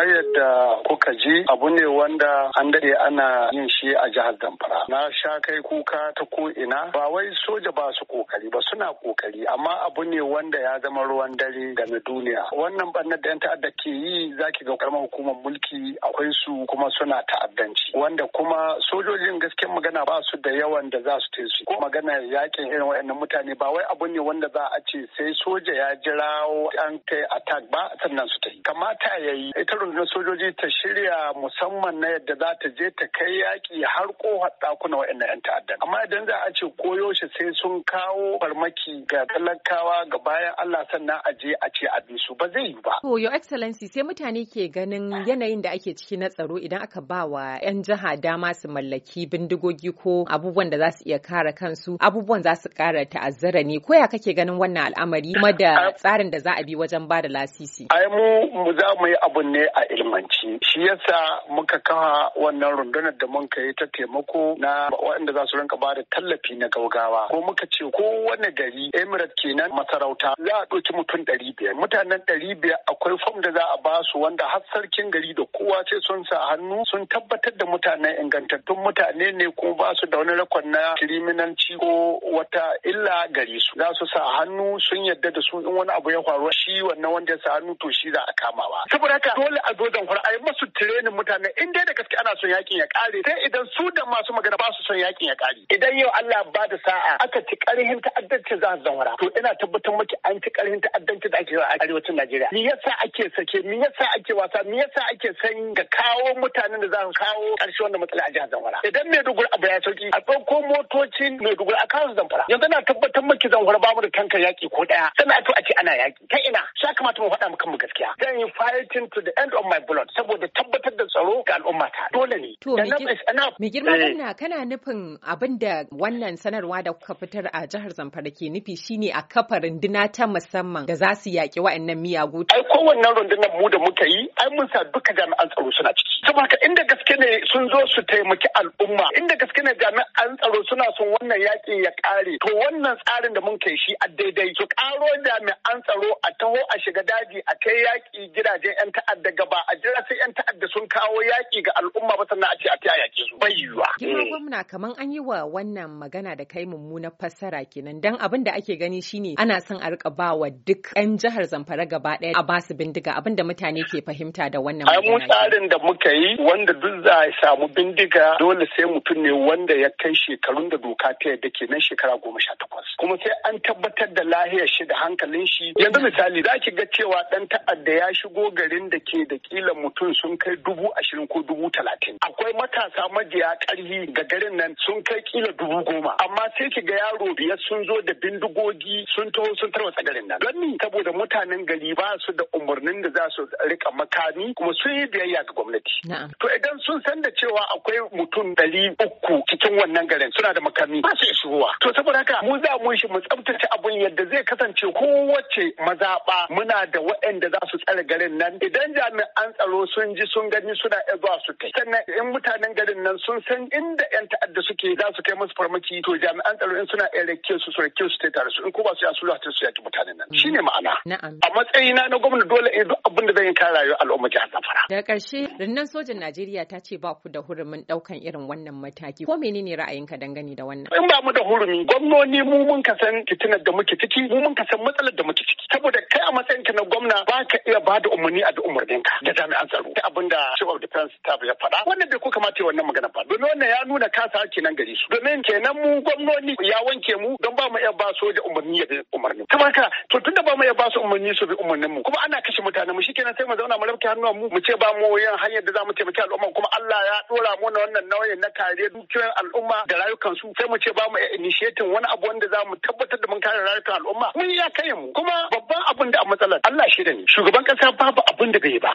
kamar yadda kuka ji abu ne wanda an dade ana yin shi a jihar Zamfara na sha kai kuka ta ko ina ba wai soja ba su kokari ba suna kokari amma abu ne wanda ya zama ruwan dare ga na duniya wannan bannan da yan ta'adda ke yi zaki ga karamar hukumar mulki akwai su kuma suna ta'addanci wanda kuma sojojin gaskiyar magana ba su da yawan da za su te su ko magana yakin irin wayannan mutane ba wai abu ne wanda za a ce sai soja ya jirawo an kai attack ba sannan su ta yi kamata yayi ita Na sojoji ta shirya musamman na yadda za ta je ta kai yaƙi har ƙofar ɗakuna waɗannan 'yan ta'addan. Amma idan za a ce koyo shi sai sun kawo farmaki ga talakawa ga bayan Allah sannan a je a ce a bi su ba zai yi ba. To your excellency sai mutane ke ganin yanayin da ake ciki na tsaro idan aka ba wa 'yan jiha dama su mallaki bindigogi ko abubuwan da za su iya kare kansu abubuwan za su kara ta'azzara ne ko ya kake ganin wannan al'amari kuma da tsarin da za a bi wajen ba da lasisi. Ai mu za mu yi abun ne a ilmanci shi yasa muka kawa wannan rundunar da mun kai ta taimako na waɗanda za su rinka ba da tallafi na gaugawa ko muka ce ko wani gari emirate kenan masarauta za a ɗauki mutum ɗari biyar mutanen ɗari biyar akwai fom da za a ba su wanda har sarkin gari da kowa ce sun sa hannu sun tabbatar da mutanen ingantattun mutane ne ko ba su da wani rakon na kiriminanci ko wata illa gari su za su sa hannu sun yadda da su in wani abu ya faru shi wannan wanda ya sa hannu to shi za a kama ba saboda haka dole a zo zamfara a yi masu tirenin mutane in dai da gaske ana son yakin ya kare sai idan su da masu magana ba su son yakin ya kare idan yau Allah ba da sa'a aka ci karhin ta'addanci za su zamfara to ina tabbatar maki an ci karhin ta'addanci da ake a arewacin Najeriya me yasa ake sake me yasa ake wasa me yasa ake san ga kawo mutanen da za su kawo karshe wannan matsala a jihar Zamfara idan Maiduguri abu ya sauki a ɗauko motocin Maiduguri a kawo Zamfara yanzu na tabbatar maki Zamfara ba mu da tankar yaki ko daya sannan a to a ce ana yaki kai ina sha kamata mu faɗa mu gaskiya zan yi fighting to the end on my blood saboda tabbatar da tsaro ga al'umma ta dole ne to me girma eh. wannan kana nufin abin da wannan sanarwa da kuka fitar a jihar Zamfara ke nufi shine a kafa runduna ta musamman da za su yaki wa'annan miyagu ai kowannen rundunar mu da muka yi ai mun sa duka jami'an tsaro suna ciki saboda inda gaske ne sun zo su taimaki al'umma inda gaske ne jami'an tsaro suna son wannan yaki ya ƙare to wannan tsarin da mun kai shi a daidai su ƙaro jami'an tsaro a taho a shiga daji a kai yaƙi gidajen 'yan ta'adda ga ba a jira sai yan ta'adda sun kawo yaƙi ga al'umma ba sannan a ce a ta yaƙe su bai yiwuwa. Girma mm. gwamna kaman an yi wa wannan magana da kai mummunar fassara kenan dan abin da ake gani shine ana son a rika ba wa duk 'yan jihar Zamfara gaba ɗaya a basu bindiga abin da mutane ke fahimta da wannan magana. Ai mu tsarin da muka yi wanda duk za a samu bindiga dole sai mutum ne wanda ya kai shekarun da doka ta yadda kenan shekara goma sha takwas. Kuma sai an tabbatar da lahiyar shi da hankalin shi. Yanzu misali za ki ga cewa ɗan ta'adda ya shigo garin da ke da kila mutum sun kai dubu ashirin ko dubu talatin akwai matasa majiya ƙarfi ga garin nan sun kai kila dubu goma amma sai ki ga yaro biyar sun zo da bindigogi sun taho sun tarwatsa garin nan don ni saboda mutanen gari ba su da umarnin da za su rika makami kuma sun yi biyayya ga gwamnati to idan sun san da cewa akwai mutum ɗari uku cikin wannan garin suna da makami ba su isuwa to saboda haka mu za mu shi mu tsabtace abun yadda zai kasance kowace mazaɓa muna da waɗanda za su tsare garin nan idan jami'an jami'an tsaro sun ji sun gani suna iya zuwa su kai sannan in mutanen garin nan sun san inda yan ta'adda suke za su kai musu farmaki to jami'an tsaro in suna iya rake su su rake su ta tare su in ko ba su ya su lahata su yaki mutanen nan Shi ne ma'ana a matsayina na gwamna dole in duk abin da zan yi kare rayuwar al'umma jihar Zamfara Da ƙarshe rinnan sojan Najeriya ta ce ba ku da hurumin ɗaukan irin wannan mataki ko mene menene ra'ayinka dangane da wannan in ba mu da hurumi gwamnoni mu mun kasan fitinar da muke ciki mu mun kasan matsalar da muke ciki saboda nuna ba ka iya ba da umarni a da umarninka da jami'an tsaro ta abin da chief of defense staff ya faɗa wannan bai ko kamata wannan magana ba domin wannan ya nuna kasa kenan gare su domin kenan mu gwamnoni ya wanke mu don ba mu iya ba su da umarni ya umarni kuma ka to tunda ba mu iya ba su umarni su bi umarnin mu kuma ana kashe mutane mu shikenan sai mu zauna mu rabke hannuwan mu mu ce ba mu yin hanyar da za mu taimaki al'umma kuma Allah ya dora mu wannan nauyin na kare dukiyoyin al'umma da rayukan su sai mu ce ba mu initiating wani abu wanda za mu tabbatar da mun kare rayukan al'umma mun ya kai mu kuma babban abin da a matsalar Allah shi shida ne shugaban kasa babu abin da bai ba